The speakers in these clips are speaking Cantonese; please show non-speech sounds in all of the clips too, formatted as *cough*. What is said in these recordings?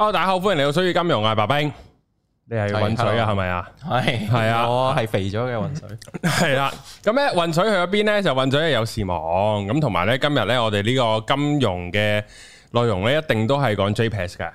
好、哦，大家好，歡迎嚟到《水與金融》爸爸啊，白兵，你係渾水 *laughs* *laughs* 啊，係咪啊？係係啊，我係肥咗嘅渾水，係啦。咁咧，渾水去咗邊咧？就渾水去有事忙。咁同埋咧，今日咧，我哋呢個金融嘅內容咧，一定都係講 JPEX 嘅。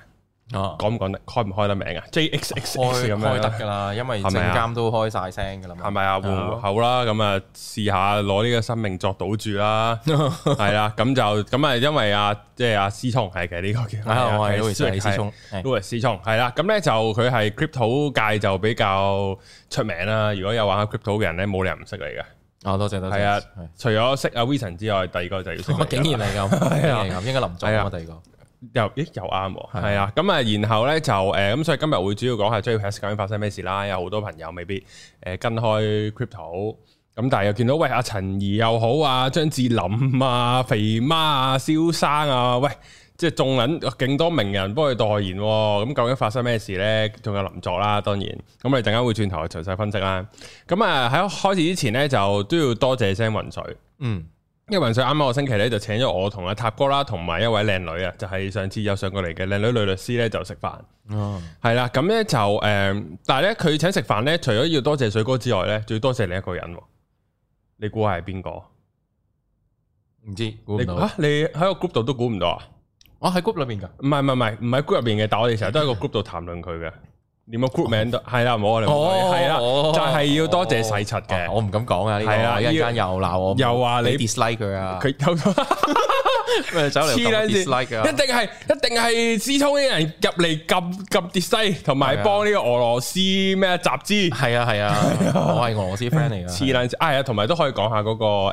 哦，講唔講得開唔開，開，開得名啊？J X X 開開得噶啦，因為證監都開晒聲噶啦。係咪啊？是是戶口啦，咁啊試下攞呢個生命作賭注啦。係啦， *laughs* 咁就咁啊、就是，因為啊，即係阿思聰係嘅呢個嘅。係我係，多謝思聰，多謝思聰。係啦，咁咧就佢係、就是、crypto 界就比較出名啦。如果有玩 crypto 嘅人咧，冇理由唔識你嘅。哦，多謝多謝。係啊，除咗識阿 Wee Chan 之外，第二個就要識乜竟然嚟咁，係啊， *laughs* *laughs* 應該林總第二個。 *laughs* 又咦又啱喎，係啊，咁啊的，然後咧就誒，咁、呃、所以今日會主要講下 Zcash 究竟發生咩事啦。有好多朋友未必誒、呃、跟開 crypto，咁但係又見到喂阿陳、啊、怡又好啊，張智霖啊，肥媽啊，蕭生啊，喂，即係眾人勁多名人幫佢代言喎。咁、哦、究竟發生咩事咧？仲有林作啦，當然，咁我哋陣間會轉頭詳細分析啦。咁啊喺開始之前咧，就都要多謝聲雲水，嗯。因為渾水啱啱個星期咧就請咗我同阿塔哥啦，同埋一位靚女啊，就係、是、上次有上過嚟嘅靚女女律師咧就食飯。哦、嗯，係啦，咁咧就誒、呃，但係咧佢請食飯咧，除咗要多謝水哥之外咧，仲要多謝另一個人。你估下係邊個？唔知？估吓、啊，你喺個 group 度都估唔到啊？我喺 group 裏邊噶，唔係唔係唔係唔喺 group 入邊嘅，但係我哋成日都喺個 group 度談論佢嘅。 *laughs* 連個 group 名都係啦，唔好，我哋係啦，就係要多謝細柒嘅，我唔敢講啊！係啦，一間又鬧我，又話你 dislike 佢啊，佢走嚟 dislike 嘅，一定係一定係思聰啲人入嚟撳撳 dislike 同埋幫呢個俄羅斯咩雜誌？係啊係啊，我係俄羅斯 friend 嚟噶，黐捻線係啊，同埋都可以講下嗰個誒誒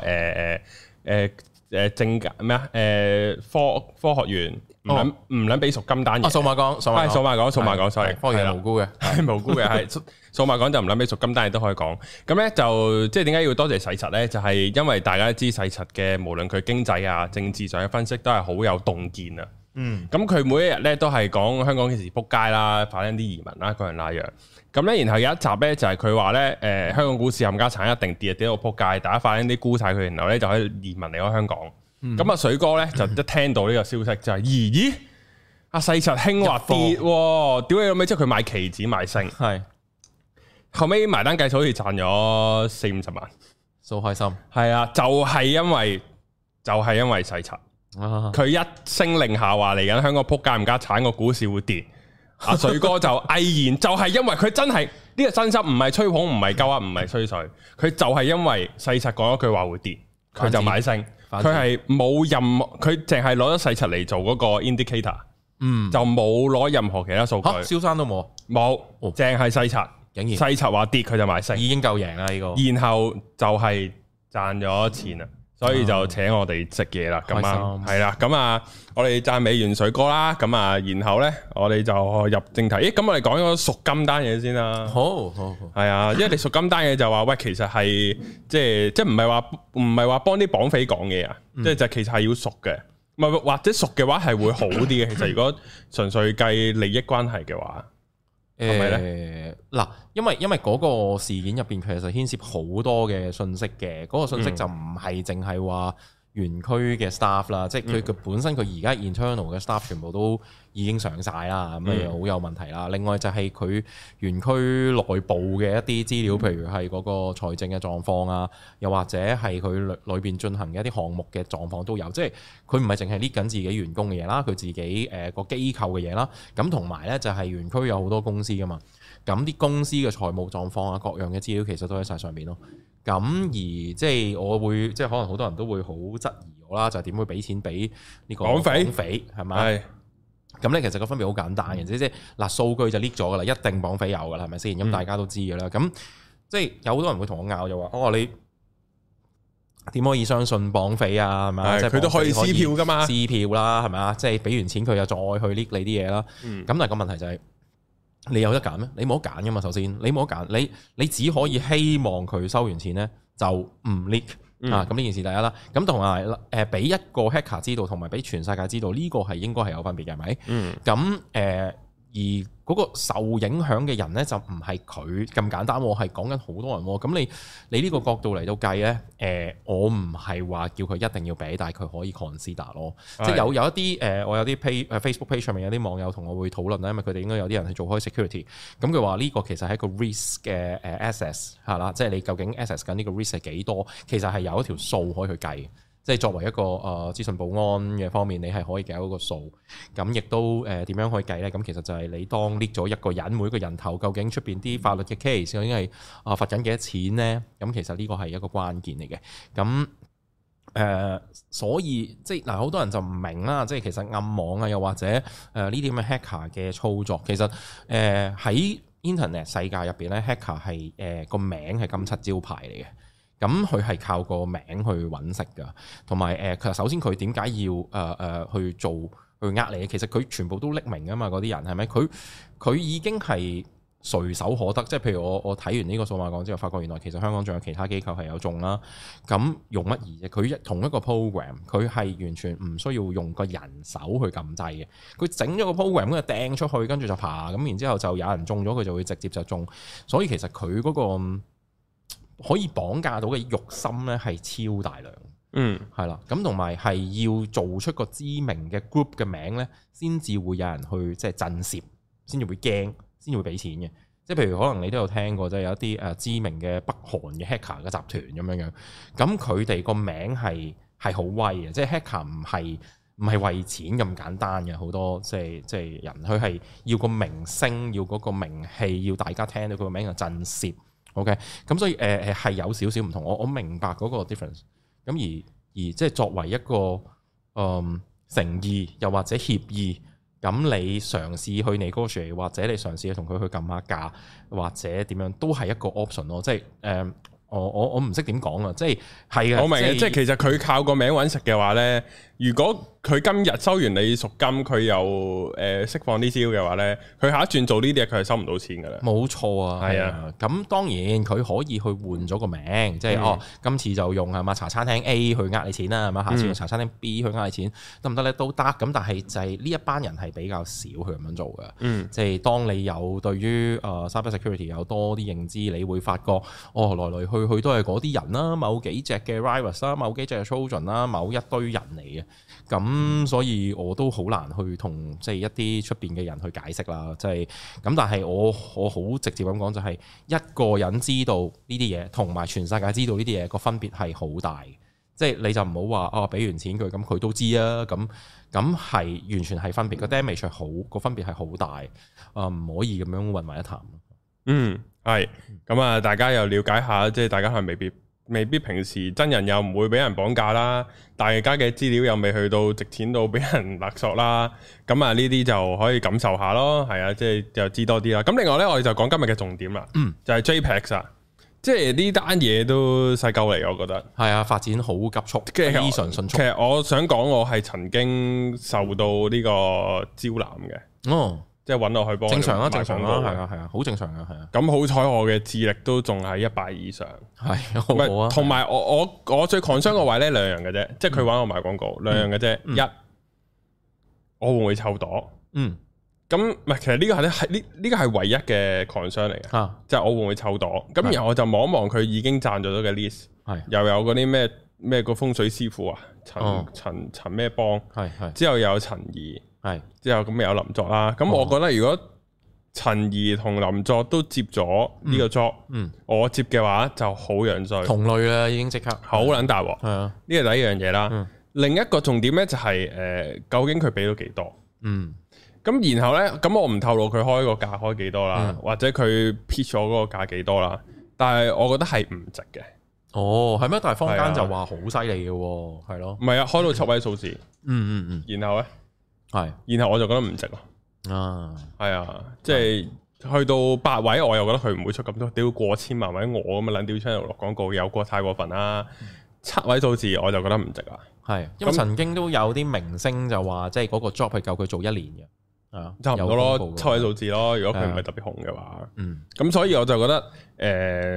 誒。誒政咩啊？誒科科學員唔撚唔撚俾熟金單嘢，哦。數碼講，係數碼講，數碼講 s o r 辜嘅，係無辜嘅，係數碼講就唔撚俾熟金單嘢都可以講。咁咧就即係點解要多謝洗滌咧？就係，就是，因為大家都知洗滌嘅，無論佢經濟啊、政治上嘅分析都係好有洞見啊！嗯，咁佢每一日咧都係講香港幾時扑街啦，反映啲移民啦，各人那樣。咁咧，然後有一集咧就係佢話咧，誒、呃，香港股市冚家鏟一定跌，跌到扑街，大家反映啲沽晒佢，然後咧就喺移民嚟咗香港。咁啊、嗯，水哥咧 *coughs* 就一聽到呢個消息就係、是、咦，咦？阿世柒輕話跌，屌你老味，即係佢買期指買升，係是後尾埋單計數好似賺咗四五十萬，好開心。係啊，就係、是、因為就係、是、因為世柒。就是佢一聲令下，話嚟緊香港扑街唔家產個股市會跌，阿水哥就毅然就係，因為佢真係呢個真心唔係吹捧唔係救啊，唔係吹水，佢就係因為世柒講一句話會跌，佢就買升，佢係冇任佢淨係攞咗世柒嚟做嗰個 indicator，嗯，就冇攞任何其他數據，蕭生都冇，冇，淨係世柒，仍然世柒話跌佢就買升，已經夠贏啦呢個，然後就係賺咗錢啦。所以就請我哋食嘢啦，咁啊，係啦，咁啊，我哋讚美完水哥啦，咁啊，然後咧，我哋就入正題。咦，咁我哋講個贖金單嘢先啦。好好好，係啊，因為你贖金單嘢就話喂，其實係即係即係唔係話唔係話幫啲綁匪講嘢啊，即係、嗯、就其實係要熟嘅，唔係或者熟嘅話係會好啲嘅。其實如果純粹計利益關係嘅話。係咪咧？嗱，因為因為嗰個事件入邊，其實牽涉好多嘅信息嘅，嗰個信息就唔係淨係話。園區嘅 staff 啦，即係佢佢本身佢而家 internal 嘅 staff 全部都已經上晒啦，咁樣好有問題啦。另外就係佢園區內部嘅一啲資料，譬如係嗰個財政嘅狀況啊，又或者係佢裏裏邊進行嘅一啲項目嘅狀況都有。即係佢唔係淨係搣緊自己員工嘅嘢啦，佢自己誒個機構嘅嘢啦。咁同埋呢，就係園區有好多公司噶嘛。咁啲公司嘅財務狀況啊，各樣嘅資料其實都喺晒上面咯。咁而即係我會，即係可能好多人都會好質疑我啦，就係、是、點會俾錢俾呢個綁匪？匪係咪？咁咧是，你其實個分別好簡單，而且即係嗱數據就 leak 咗噶啦，一定綁匪有噶，係咪先？咁、嗯、大家都知噶啦。咁即係有好多人會同我拗就話：嗯、哦，你點可以相信綁匪啊？係咪？即係佢都可以撕票噶嘛？撕票啦，係咪啊？即係俾完錢佢又再去 leak 你啲嘢啦。咁、嗯、但係個問題就係、是。你有得揀咩？你冇得揀噶嘛，首先你冇得揀，你你，你只可以希望佢收完錢咧就唔 leak，嗯，啊！咁呢件事第一啦，咁同埋誒俾一個 hacker 知道，同埋俾全世界知道呢個係應該係有分別嘅，係咪？嗯，咁誒。呃而嗰個受影響嘅人咧，就唔係佢咁簡單，係講緊好多人喎。咁你你呢個角度嚟到計咧，誒、呃，我唔係話叫佢一定要俾，但係佢可以 consider 咯。即係有有一啲誒、呃，我有啲 page Facebook page 上面有啲網友同我會討論啦，因為佢哋應該有啲人係做開 security。咁佢話呢個其實係一個 risk 嘅誒 assess 係啦，即係你究竟 assess 緊呢個 risk 係幾多，其實係有一條數可以去計。即係作為一個誒、呃、資訊保安嘅方面，你係可以計到個數，咁亦都誒點、呃、樣去計呢？咁其實就係你當拎咗一個人每個人頭，究竟出邊啲法律嘅 case，究竟係啊、呃、罰緊幾多錢呢？咁其實呢個係一個關鍵嚟嘅。咁誒、呃，所以即係嗱，好、呃、多人就唔明啦。即係其實暗網啊，又或者誒呢啲咁嘅 hacker 嘅操作，其實誒喺 internet 世界入邊咧 hacker 係係誒個名係金漆招牌嚟嘅。咁佢係靠個名去揾食噶，同埋誒，其、呃、實首先佢點解要誒誒、呃呃、去做去呃你？其實佢全部都匿名啊嘛，嗰啲人係咪？佢佢已經係隨手可得，即係譬如我我睇完呢個數碼港之後，發覺原來其實香港仲有其他機構係有中啦。咁、嗯、用乜嘢啫？佢同一個 program，佢係完全唔需要用個人手去撳掣嘅。佢整咗個 program，跟住掟出去，跟住就爬咁，然之後就有人中咗，佢就會直接就中。所以其實佢嗰、那個。可以綁架到嘅肉心咧係超大量，嗯，係啦，咁同埋係要做出個知名嘅 group 嘅名咧，先至會有人去即係震懾，先至會驚，先至會俾錢嘅。即係譬如可能你都有聽過，即係有一啲誒知名嘅北韓嘅 hacker 嘅集團咁樣樣，咁佢哋個名係係好威嘅，即係 hacker 唔係唔係為錢咁簡單嘅，好多即係即係人佢係要個名聲，要嗰個名氣，要大家聽到佢個名就震懾。OK，咁所以誒誒係有少少唔同，我我明白嗰個 difference。咁而而即係作為一個誒、呃、誠意，又或者協議，咁你嘗試去 negotiate，或者你嘗試去同佢去撳下價，或者點樣都係一個 option 咯、呃。即係誒，我我我唔識點講啊！即係係啊，我明即係其實佢靠個名揾食嘅話咧。如果佢今日收完你贖金，佢又誒釋放啲招嘅話咧，佢下一轉做呢啲嘢，佢係收唔到錢㗎啦。冇錯啊，係啊，係啊。咁當然佢可以去換咗個名，即係哦，今次就用係嘛茶餐廳 A 去呃你錢啦，係嘛，嗯、下次用茶餐廳 B 去呃你錢，得唔得咧？都得。咁但係就係呢一班人係比較少佢咁樣做㗎。嗯。即係當你有對於啊 cyber security 有多啲認知，你會發覺哦，來來去去去都係嗰啲人啦，某幾隻嘅 rivals 啦，某幾隻嘅 children 啦，某一堆人。咁所以我都好難去同即係一啲出邊嘅人去解釋啦，即係咁。但係我我好直接咁講，就係一個人知道呢啲嘢，同埋全世界知道呢啲嘢個分別係好大。即係、就是、你就唔好話啊，俾完錢佢咁，佢都知啊。咁咁係完全係分別，個 damage 好，個分別係好大啊，唔可以咁樣混埋一談。嗯，係咁啊，嗯、大家又了解下，即係大家可能未必。未必平時真人又唔會俾人綁架啦，大家嘅資料又未去到值錢到俾人勒索啦，咁啊呢啲就可以感受下咯，係啊，即係就知多啲啦。咁另外呢，我哋就講今日嘅重點啦，嗯、就係 JPEX 啊，即係呢單嘢都犀鳩嚟，我覺得係啊，發展好急速，非常即係迅速。其實我想講，我係曾經受到呢個招攬嘅。哦即係揾落去幫你賣廣告，係啊，係啊，好正常啊，係啊。咁好彩我嘅智力都仲喺一百以上，係唔係？同埋我我我最抗商個位咧兩樣嘅啫，即係佢揾我賣廣告兩樣嘅啫。一，我會唔會抽躲？嗯，咁唔係，其實呢個係呢係呢呢個係唯一嘅抗商嚟嘅，即係我會唔會抽躲？咁然後我就望一望佢已經贊咗咗嘅 list，又有嗰啲咩咩個風水師傅啊，陳陳陳咩幫，之後又有陳怡。係之後咁又有林作啦，咁我覺得如果陳怡同林作都接咗呢個作，嗯，我接嘅話就好樣衰，同類啦已經即刻好撚大喎，係啊，呢個第一樣嘢啦。另一個重點咧就係誒，究竟佢俾到幾多？嗯，咁然後咧，咁我唔透露佢開個價開幾多啦，或者佢撇咗嗰個價幾多啦。但係我覺得係唔值嘅。哦，係咩？但係坊間就話好犀利嘅，係咯？唔係啊，開到七位數字，嗯嗯嗯，然後咧。係，是然後我就覺得唔值咯。啊，係啊，即、就、係、是、去到八位，我又覺得佢唔會出咁多，屌過千萬或者我咁啊，撚屌出嚟落廣告有，有過太過分啦。七位數字我就覺得唔值啊。係，因為，那因為曾經都有啲明星就話，即係嗰個 job 係夠佢做一年嘅。係啊，差唔多咯，七位數字咯。如果佢唔係特別紅嘅話、啊，嗯，咁所以我就覺得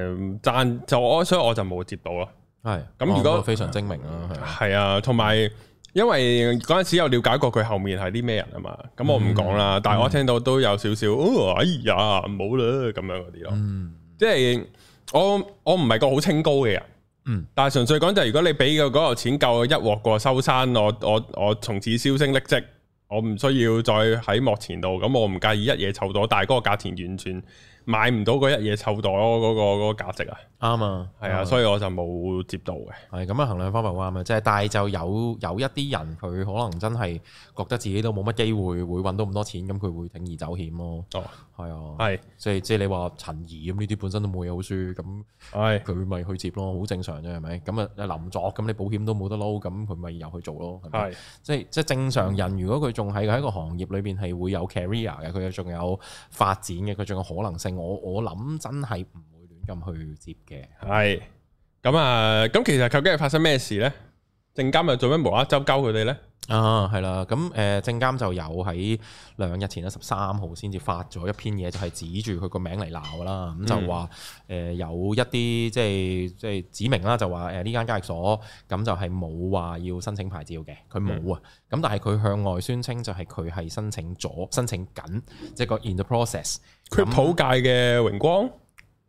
誒贊、呃、就我，所以我就冇接到咯。係是，咁如果、哦那個、非常精明啦，係啊，同埋、啊。因為嗰陣時有了解過佢後面係啲咩人啊嘛，咁我唔講啦。嗯、但係我聽到都有少少、嗯哦，哎呀，唔好啦咁樣嗰啲咯。嗯、即係我我唔係個好清高嘅人，嗯。但係純粹講就係，如果你俾嘅嗰個錢夠一鑊過收山，我我我從此銷聲匿跡，我唔需要再喺幕前度。咁我唔介意一嘢臭到，但係嗰個價錢完全。買唔到嗰一嘢臭袋嗰個嗰個價值啊！啱啊，係啊，所以我就冇接到嘅。係咁啊，衡量方法又啱啊，即係但係就有有一啲人佢可能真係覺得自己都冇乜機會會揾到咁多錢，咁佢會鋌而走險咯。哦，係啊，係是，即係即係你話陳怡咁呢啲本身都冇嘢好輸，咁佢咪去接咯，好是正常啫，係咪？咁啊，林作咁你保險都冇得撈，咁佢咪又去做咯。係是，即係即係正常人，如果佢仲係喺一個行業裏邊係會有 career 嘅，佢仲有發展嘅，佢仲有可能性。我我諗真係唔會亂咁去接嘅，係咁啊！咁其實究竟係發生咩事咧？證監又做咩無啦啦周交佢哋咧？啊，係啦，咁誒、呃、證監就有喺兩日前咧十三號先至發咗一篇嘢，就係、是、指住佢個名嚟鬧啦，咁、嗯、就話誒、呃、有一啲即係即係指明啦，就話誒呢間交易所咁就係冇話要申請牌照嘅，佢冇啊，咁、嗯、但係佢向外宣稱就係佢係申請咗、申請緊，即係個 in the process、嗯。Crypto 界嘅榮光。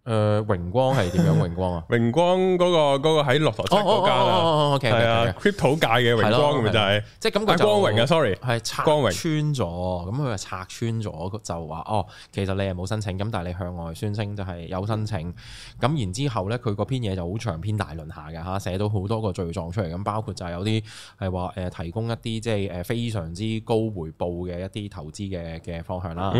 誒榮光係點樣榮光啊？榮光嗰、 *laughs* 嗰個喺落頭層嗰間啊，係啊，crypto 界嘅榮光咁咪、okay, okay, okay。就係，即係咁佢就光榮啊，sorry，係榮拆穿咗，咁佢話拆穿咗就話哦，其實你係冇申請，咁但係你向外宣稱就係有申請，咁然之後咧佢嗰篇嘢就好長篇大論下嘅嚇，寫到好多個罪狀出嚟，咁包括就係有啲係話誒提供一啲即係誒非常之高回報嘅一啲投資嘅嘅方向啦，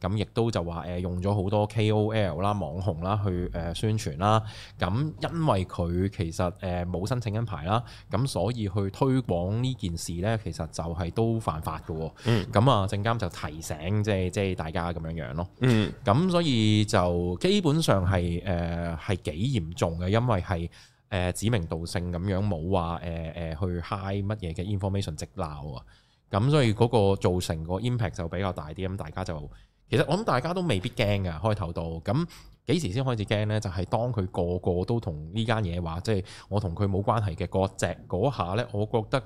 咁亦都就話誒用咗好多 KOL 啦、網紅啦。去誒宣傳啦，咁因為佢其實誒冇申請緊牌啦，咁所以去推廣呢件事呢，其實就係都犯法嘅。嗯，咁啊，證監就提醒，即係即係大家咁樣樣咯。嗯，咁所以就基本上係誒係幾嚴重嘅，因為係誒指名道姓咁樣冇話誒誒去 high 乜嘢嘅 information 直鬧啊，咁所以嗰個造成個 impact 就比較大啲。咁大家就其實我諗大家都未必驚嘅開頭度咁。幾時先開始驚呢？就係當佢個個都同呢間嘢話，即係我同佢冇關係嘅割席嗰下呢，我覺得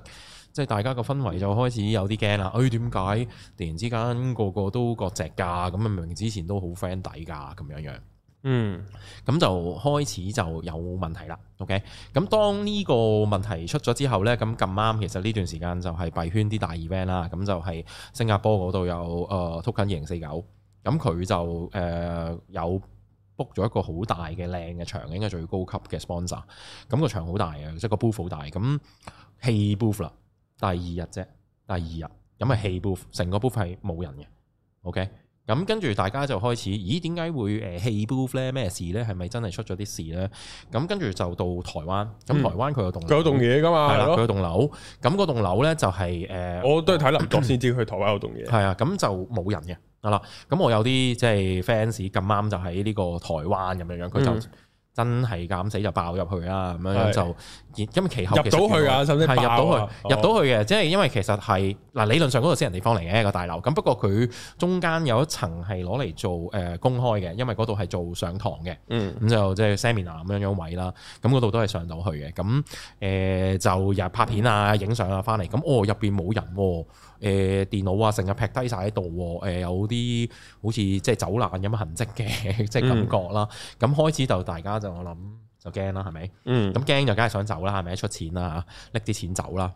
即係大家個氛圍就開始有啲驚啦。哎，點解突然之間個個都割席㗎？咁明明之前都好 friend 底㗎，咁樣樣。嗯，咁就開始就有問題啦。OK，咁當呢個問題出咗之後呢，咁咁啱其實呢段時間就係幣圈啲大 event 啦。咁就係新加坡嗰度有誒 Token 2049，咁佢就誒有。呃 book 咗一個好大嘅靚嘅場，應該係最高級嘅 sponsor，咁個場好大嘅，即係個 booth 好大。咁棄 booth 啦，第二日啫，第二日咁啊棄 booth，成個 booth 係冇人嘅。OK，咁跟住大家就開始，咦？點解會誒棄 booth 咧？咩事咧？係咪真係出咗啲事咧？咁跟住就到台灣，咁台灣佢有棟，佢有棟嘢㗎嘛，係咯，佢有棟樓。咁嗰棟樓咧就係誒，我都係睇林作先知去台灣有棟嘢。係啊，咁就冇人嘅。啊啦，咁、嗯、我有啲即係 fans 咁啱就喺呢個台灣咁樣樣，佢就真係咁死就爆入去啦，咁的樣樣就咁其後入到去啊，甚至入到去，入到去嘅，即係因為其實係嗱理論上嗰度私人地方嚟嘅一個大樓，咁不過佢中間有一層係攞嚟做誒公開嘅，因為嗰度係做上堂嘅，咁、嗯、就即係 seminar 咁樣樣位啦，咁嗰度都係上到去嘅，咁誒、呃、就日拍片啊、影相啊翻嚟，咁、嗯、哦入邊冇人喎、啊。誒電腦啊，成日劈低晒喺度喎。有啲好似即係走難咁嘅痕跡嘅， *laughs* 即係感覺啦。咁、嗯、開始就大家就我諗就驚啦，係咪？嗯。咁驚就梗係想走啦，係咪？出錢啦、啊、嚇，拎啲錢走啦。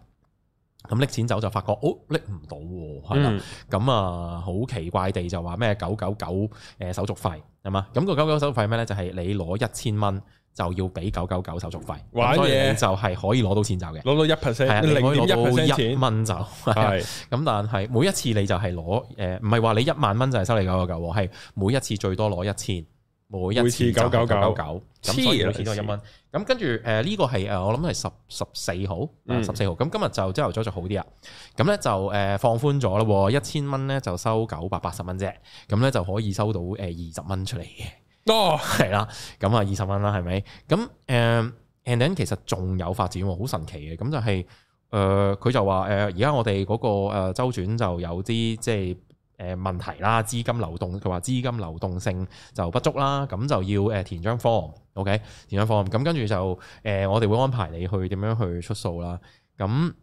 咁拎錢走就發覺，哦，拎唔到喎，係啦。咁啊，好、嗯嗯、奇怪地就話咩九九九誒手續費係嘛？咁個九九九手續費咩咧？就係、是、你攞一千蚊，就要俾九九九手續費，意所以就係可以攞到錢走嘅，攞到一 percent，零點一蚊就係咁。的但係每一次你就係攞誒，唔係話你一萬蚊就係收你九九九，係每一次最多攞一千，每一次九九九九，黐線最多一蚊。咁跟住誒呢個係誒我諗係十十四號，十四號。咁今日就朝頭早就好啲啦。咁咧就誒放寬咗啦，一千蚊咧就收九百八十蚊啫。咁咧就可以收到誒二十蚊出嚟嘅。多，係啦，oh，咁啊二十蚊啦，係咪？咁誒，And then 其實仲有發展，好神奇嘅。咁就係、是、誒、佢、呃、就話誒、而、呃、家我哋嗰、那個誒、呃、周轉就有啲即係誒問題啦，資、呃、金流動，佢話資金流動性就不足啦，咁就要誒、呃、填張 form，OK，填張 form 咁跟住就誒、呃，我哋會安排你去點樣去出數啦。咁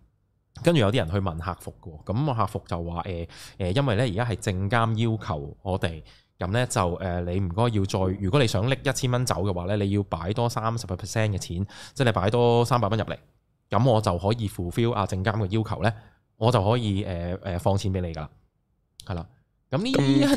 跟住有啲人去問客服嘅，咁個客服就話誒誒，因為咧而家係證監要求我哋。咁咧就誒、呃，你唔該要再，如果你想拎一千蚊走嘅話咧，你要擺多三十個 percent 嘅錢，即係你擺多三百蚊入嚟，咁我就可以 fulfil 啊證監嘅要求咧，我就可以誒誒、呃呃、放錢俾你㗎啦，係啦。咁呢一個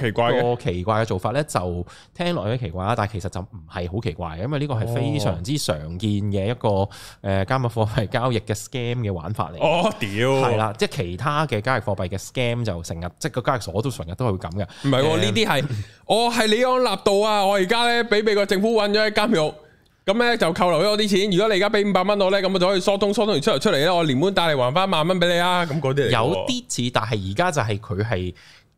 奇怪嘅做法咧，就聽落有啲奇怪啦，但係其實就唔係好奇怪，因為呢個係非常之常見嘅一個誒、呃、加密貨幣交易嘅 scam 嘅玩法嚟。哦，屌的！係啦， *laughs* 即係其他嘅加密貨幣嘅 scam 就成日，即係個交易所都成日都係會咁嘅。唔係喎，呢啲係哦，係你安納度啊！我而家咧俾美國政府搵咗喺監獄，咁咧就扣留咗我啲錢。如果你而家俾五百蚊我咧，咁我就可以疏通疏通，完出嚟，出嚟啦。我連本帶利還翻一萬蚊俾你啊！咁嗰啲有啲似，但係而家就係佢係。誒誒，佢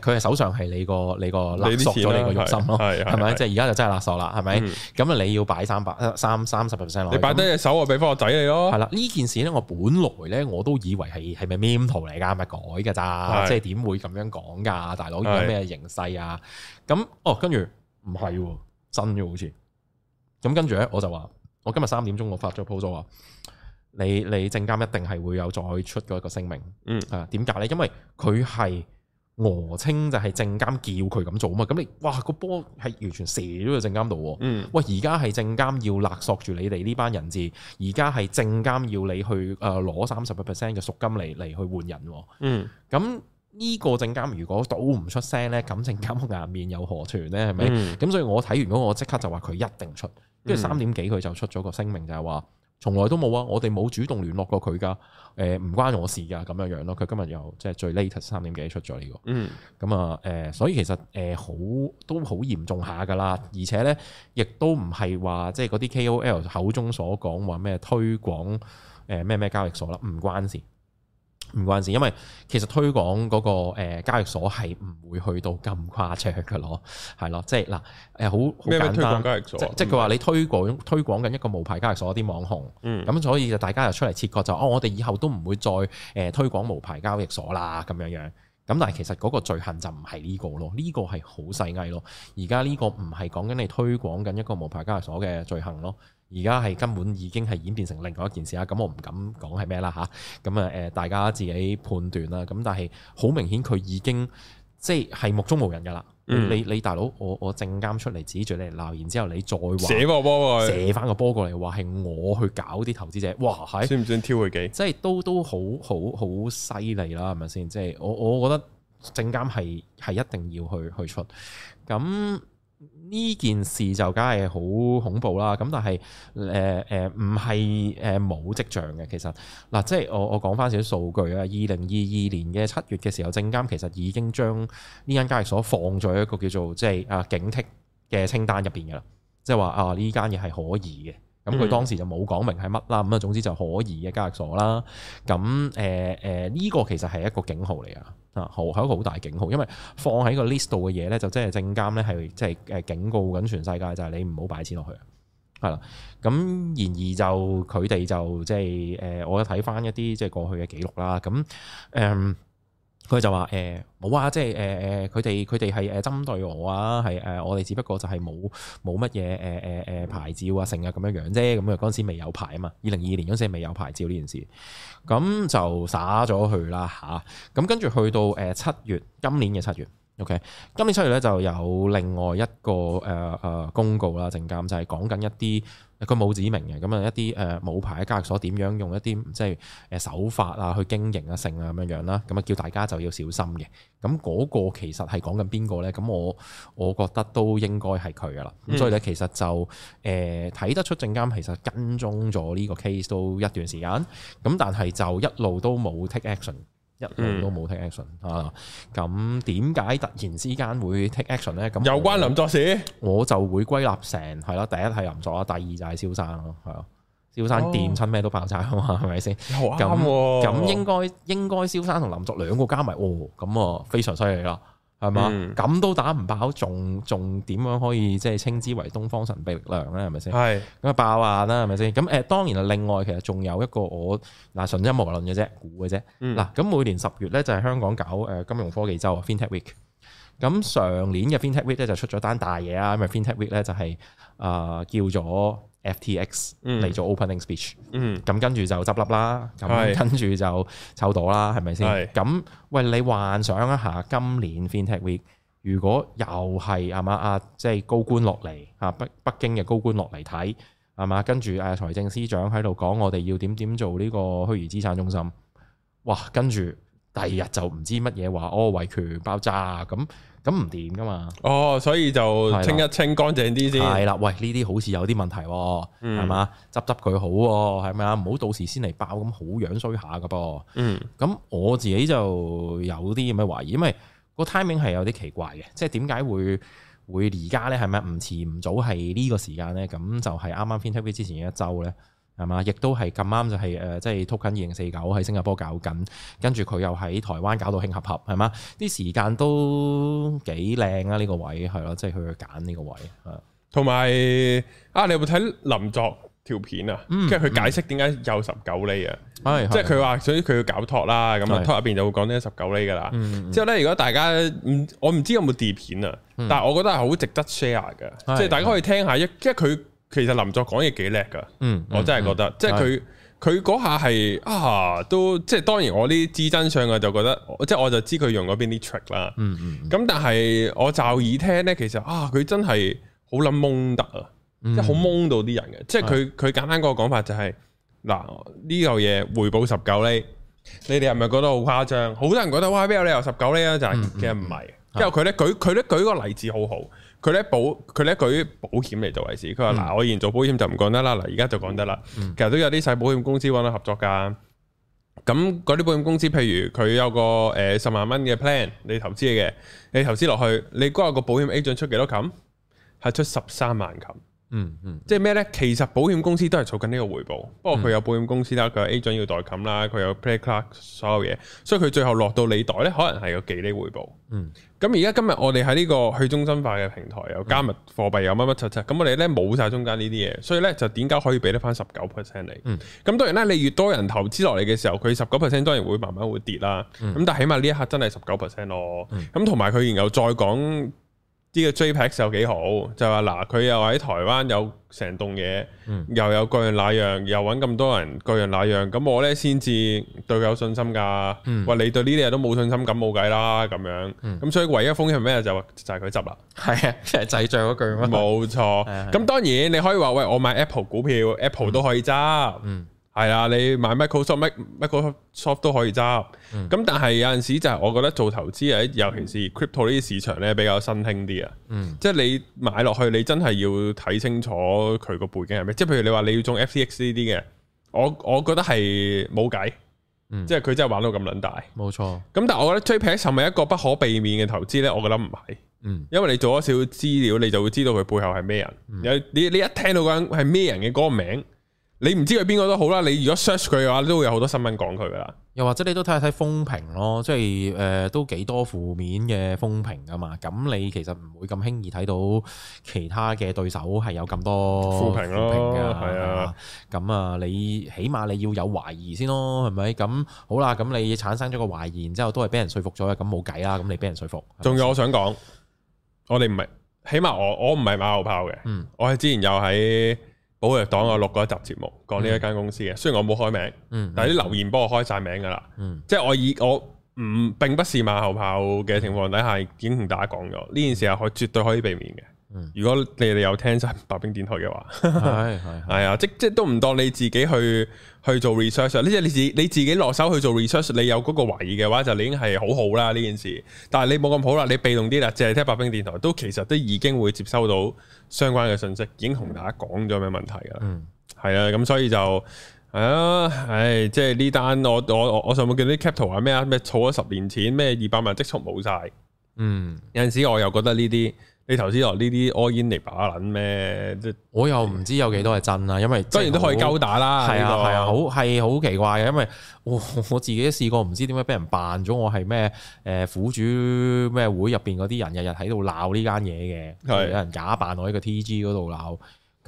係、呃呃、手上係你個你個勒索咗你個肉心咯，係咪、啊？是是即係而家就真係勒索啦，係咪？咁啊、嗯，你要擺三百三三十 percent 落去。你擺低隻手啊，俾翻那我仔你咯。係啦，呢件事咧，我本來咧我都以為係係咪 meme 圖嚟噶，咪改噶咋？是即係點會咁樣講噶，大佬而家咩形勢啊？咁的哦，跟住唔係真嘅，好似咁跟住咧，我就話我今日三點鐘我發咗 post 話，你你，你，你證監一定係會有再出嗰一個聲明。嗯，係點解咧？因為佢係。訛稱、呃、就係證監叫佢咁做啊嘛，咁你哇個波係完全射咗個證監度喎，嗯，喂而家係證監要勒索住你哋呢班人質，而家係證監要你去誒攞三十個 percent 嘅贖金嚟嚟去換人，嗯，咁呢個證監如果倒唔出聲呢，咁證監顏面有何存呢？係咪？咁、嗯、所以我睇完嗰、個，我即刻就話佢一定出，跟住三點幾佢就出咗個聲明就係話。從來都冇啊！我哋冇主動聯絡過佢噶，誒、呃、唔關我的事，唔關我事噶咁樣樣咯。佢今日又即係最 later 三點幾出咗呢個，咁啊誒，所以其實誒、呃、好都好嚴重下㗎啦，而且咧亦都唔係話即係嗰啲 KOL 口中所講話咩推廣誒咩咩交易所啦，唔關事。唔關事，因為其實推廣嗰個誒交易所係唔會去到咁誇張嘅咯，係咯，即係嗱誒好好簡單交易所，即即佢話你推廣推廣緊一個無牌交易所啲網紅，咁、嗯、所以就大家就出嚟切割就，哦，我哋以後都唔會再誒推廣無牌交易所啦咁樣樣。咁但係其實嗰個罪行就唔係呢個咯，呢個係好細藝咯。而家呢個唔係講緊你推廣緊一個無牌交易所嘅罪行咯。而家係根本已經係演變成另外一件事啊！咁我唔敢講係咩啦嚇，咁啊誒大家自己判斷啦。咁但係好明顯佢已經即係目中無人噶啦、嗯！你你大佬，我我證監出嚟指住你嚟鬧，然之後你再話射個波，射翻個波過嚟話係我去搞啲投資者，哇係算唔算挑佢幾？即係都都好好好犀利啦，係咪先？即係我我覺得證監係係一定要去去出咁。呢件事就梗係好恐怖啦，咁但係誒誒唔係誒冇跡象嘅，其實嗱、啊，即係我我講返少啲數據啊，二零二二年嘅七月嘅時候，證監其實已經將呢間交易所放在一個叫做即係啊警惕嘅清單入邊㗎喇，即係話啊呢間嘢係可疑嘅。咁佢當時就冇講明係乜啦，咁啊總之就可疑嘅交易所啦。咁誒誒，呢、呃呃這個其實係一個警號嚟啊，啊，係一個好大嘅警號，因為放喺個 list 度嘅嘢咧，就即係證監咧係即係誒警告緊全世界就，就係你唔好擺錢落去。係啦，咁然而就佢哋就即係誒，我睇翻一啲即係過去嘅記錄啦，咁誒。嗯佢就話誒冇啊，即係誒誒，佢哋佢哋係誒針對我啊，係誒、呃、我哋只不過就係冇冇乜嘢誒誒誒牌照啊成日咁樣樣啫，咁啊嗰陣時未有牌啊嘛，二零二二年嗰陣時未有牌照呢件事，咁就撒咗去啦嚇，咁、啊、跟住去到誒、呃、七月，今年嘅七月。OK，今年七月咧就有另外一個誒誒、呃呃、公告啦，證監就係、是、講緊一啲佢冇指明嘅，咁啊一啲誒冇牌嘅交易所點樣用一啲即係誒手法啊去經營啊勝啊咁樣樣啦，咁啊叫大家就要小心嘅。咁嗰個其實係講緊邊個咧？咁我我覺得都應該係佢噶啦。咁、嗯、所以咧，其實就誒睇、呃、得出證監其實跟蹤咗呢個 case 都一段時間，咁但係就一路都冇 take action。一路都冇 take action、嗯、啊！咁點解突然之間會 take action 咧？咁又關林作事？我就會歸納成係啦，第一係林作，啦，第二就係蕭生咯，係啊，蕭生掂親咩都爆炸、哦、 *laughs* 吧啊嘛，係咪先？咁咁應該應該蕭生同林作兩個加埋喎，咁、哦、啊非常犀利啦！係嘛？咁、嗯、都打唔爆，仲仲點樣可以即係稱之為東方神秘力量咧？係咪先？係咁啊，就爆眼啦，係咪先？咁誒、呃，當然啊，另外其實仲有一個我嗱、呃，純陰謀論嘅啫，估嘅啫。嗱，咁、嗯、每年十月咧就係、是、香港搞誒、呃、金融科技周啊，FinTech Week。咁上年嘅 FinTech Week 咧就出咗單大嘢啊，因為 FinTech Week 咧就係、是、啊、呃、叫咗。FTX 嚟、嗯、做 opening speech，咁、嗯、跟住就執笠啦，咁、嗯、跟住就抽到啦，係咪先？咁吧喂，你幻想一下，今年 FinTech Week 如果又係啊嘛啊，即、就、係、是、高官落嚟啊北北京嘅高官落嚟睇，係嘛？跟住啊財政司長喺度講，我哋要點點做呢個虛擬資產中心，哇！跟住第二日就唔知乜嘢話，哦，維權爆炸咁。咁唔掂噶嘛？哦，所以就清一清乾淨一，乾淨啲先。係啦，喂，呢啲好似有啲問題，係嘛？執執佢好，係咪啊？唔好到時先嚟爆，咁好樣衰下噶噃。嗯，咁我自己就有啲咁嘅懷疑，因為個 timing 係有啲奇怪嘅，即係點解會會而家咧？係咪唔遲唔早係呢個時間咧？咁就係啱啱 FinTech Week 之前嘅一周咧。係嘛？亦都係咁啱就係誒，即係 Token 2049喺新加坡搞緊，跟住佢又喺台灣搞到慶合合，係嘛？啲時間都幾靚啊！呢、呢個位係咯，即係佢去揀呢個位，係同埋啊，你有冇睇林作條片啊？跟住佢解釋點解有十九釐啊？即係佢話，所以佢要搞 talk 啦的。咁 talk 入邊就會講呢十九釐㗎啦。之後咧，如果大家唔我唔知有冇碟片啊，嗯、但係我覺得係好值得 share 嘅，即係大家可以聽一下一，因為佢。其實林作講嘢幾叻噶，嗯，我真係覺得，即係佢佢嗰下係啊，都即係當然我啲知真相嘅就覺得，即係我就知佢用咗邊啲 trick 啦，嗯嗯，咁但係我就耳聽咧，其實啊，佢真係好撚蒙得啊，即係好蒙到啲人嘅，即係佢佢簡單個講法就係嗱，呢樣嘢回報十九厘，你哋係咪覺得好誇張？好多人覺得哇邊有理由十九厘啊，就係其實唔係，因為佢咧舉佢咧舉個例子好好。佢咧保佢咧舉保險嚟做為事，佢話嗱，嗯、我以前做保險就唔講得啦，嗱而家就講得啦。嗯、其實都有啲細保險公司揾我合作噶，咁嗰啲保險公司譬如佢有個誒十、呃、萬蚊嘅 plan，你投資嘅，你投資落去，你估個保險 agent 出幾多冚？係出十三萬冚。嗯嗯，嗯即係咩咧？其實保險公司都係做緊呢個回報，不過佢有保險公司啦，佢、嗯、有 agent 要代冚啦，佢有 play clerk 所有嘢，所以佢最後落到你袋咧，可能係個幾厘回報。嗯，咁而家今日我哋喺呢個去中心化嘅平台，有加密貨幣，有乜乜七七，咁我哋咧冇晒中間呢啲嘢，所以咧就點解可以俾得翻十九 percent 你？咁、嗯、當然啦，你越多人投資落嚟嘅時候，佢十九 percent 當然會慢慢會跌啦。咁、嗯、但係起碼呢一刻真係十九 percent 咯。咁同埋佢然後再講。啲嘅 JPEX 有幾好，就話嗱佢又喺台灣有成棟嘢，嗯、又有各樣那樣，又揾咁多人各樣那樣，咁我呢先至對佢有信心噶。話、嗯、你對呢啲嘢都冇信心，咁冇計啦咁樣。咁、嗯、所以唯一風險係咩？就就係佢執啦。係啊，就係最嗰句。冇錯。咁、 *laughs* 啊、當然你可以話喂，我買 Apple 股票，Apple 都、嗯、可以執。嗯係啊，你買 Microsoft，Microsoft 都可以揸。咁、嗯、但係有陣時就係，我覺得做投資啊，尤其是 crypto 呢啲市場咧，比較新興啲啊。即係、嗯、你買落去，你真係要睇清楚佢個背景係咩。即係譬如你話你要種 FTX 呢啲嘅，我我覺得係冇計。即係佢真係玩到咁卵大。冇錯錯。咁但係我覺得 JPEX 係咪一個不可避免嘅投資咧？我覺得唔係。嗯。因為你做咗少資料，你就會知道佢背後係咩人。你、嗯、你一聽到嗰個係咩人嘅嗰個名。你唔知佢邊個都好啦，你如果 search 佢嘅話，都會有好多新聞講佢噶啦。又或者你都睇下睇風評咯，即係誒、呃、都幾多負面嘅風評啊嘛。咁你其實唔會咁輕易睇到其他嘅對手係有咁多負評咯。係啊，咁啊，你起碼你要有懷疑先咯，係咪？咁好啦，咁你產生咗個懷疑，然之後都係俾人說服咗嘅，咁冇計啦。咁你俾人說服。仲有我想講，我哋唔係，起碼我我唔係馬後炮嘅。嗯，我係之前又喺。保育黨我錄過一集節目，講呢一間公司嘅。嗯、雖然我冇開名，嗯嗯、但係啲留言幫我開晒名噶啦，嗯、即係我以我唔並不是馬後炮嘅情況底下、嗯、已經同大家講咗，呢件事係可絕對可以避免嘅。如果你哋有聽就係白兵電台嘅話，係係係啊，即即都唔當你自己去去做 research，呢、er, 即你自你自己落手去做 research，你有嗰個懷疑嘅話就已經係好好啦呢件事。但係你冇咁好啦，你被動啲啦，淨係聽白兵電台都其實都已經會接收到相關嘅信息，已經同大家講咗咩問題噶啦。嗯，係啊，咁所以就係啊，唉，即係呢單我我我上網見啲 cap 圖話咩啊咩儲咗十年錢咩二百萬積蓄冇晒。嗯，有陣時我又覺得呢啲。你頭先話呢啲 all in 嚟把撚咩？我又唔知有幾多係真啦，因為當然都可以鳩打啦。係啊係啊，好係好奇怪嘅，因為我，我自己都試過唔知點解俾人扮咗我係咩誒府主咩會入邊嗰啲人日日喺度鬧呢間嘢嘅，係的有人假扮我喺個 TG 嗰度鬧。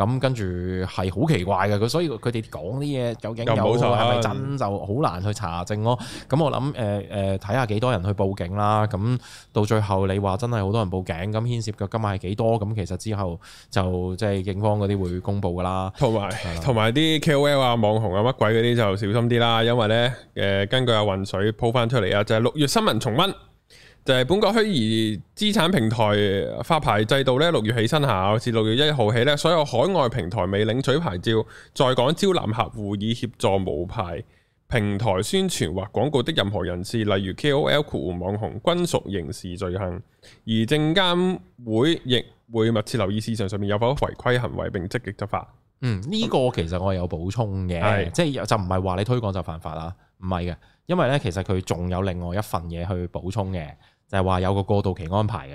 咁跟住係好奇怪嘅，佢所以佢哋講啲嘢究竟有係咪真就好難去查證咯、啊。咁我諗誒誒睇下幾多人去報警啦。咁到最後你話真係好多人報警，咁牽涉嘅金額係幾多？咁其實之後就即係、就是、警方嗰啲會公布噶啦。同埋同埋啲 KOL 啊、網紅啊、乜鬼嗰啲就小心啲啦，因為呢，誒根據阿雲水鋪翻出嚟啊，就係、是、六月新聞重溫。就係本港虛擬資產平台發牌制度咧，六月起生效，至六月一號起咧，所有海外平台未領取牌照，在港招攬客戶以協助無牌平台宣傳或廣告的任何人士，例如 KOL 括號網紅，均屬刑事罪行。而證監會亦會密切留意市場上面有否違規行為並積極執法。嗯，呢、這個其實我有補充嘅，即係、嗯、就唔係話你推廣就犯法啦，唔係嘅，因為咧其實佢仲有另外一份嘢去補充嘅。就話有個過渡期安排嘅，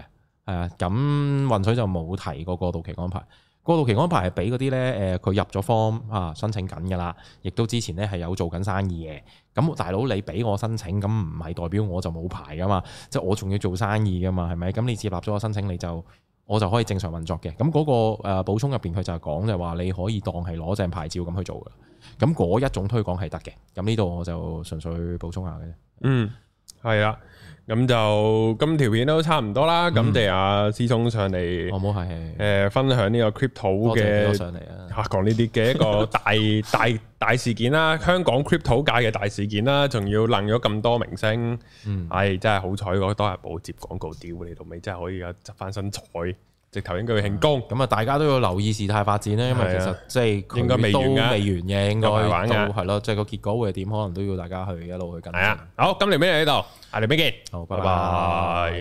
係啊，咁渾水就冇提個過,過渡期安排。過渡期安排係俾嗰啲呢，誒、呃，佢入咗 form 啊，申請緊噶啦，亦都之前呢係有做緊生意嘅。咁、啊、大佬你俾我申請，咁唔係代表我就冇牌噶嘛，即、就、係、是、我仲要做生意噶嘛，係咪？咁你接納咗我申請，你就我就可以正常運作嘅。咁嗰個誒補充入邊佢就講就話你可以當係攞正牌照咁去做噶。咁嗰一種推廣係得嘅。咁呢度我就純粹補充下嘅嗯。係啦，咁就今條片都差唔多啦。咁地阿思聰上嚟，我冇係誒，分享呢個 crypto 嘅上嚟啊，講呢啲嘅一個大 *laughs* 大大、大事件啦，香港 crypto 界嘅大事件啦，仲要楞咗咁多明星，嗯，唉真係好彩當日冇接廣告，屌你老味，真係可以執翻身彩。直頭應該會慶功，咁啊、嗯、大家都要留意事態發展啦。因為其實的即係都未完嘅，應該係咯的，即係個結果會係點，可能都要大家去一路去跟。係啊，好，今年尾喺度，下年尾見，好，拜拜。拜拜。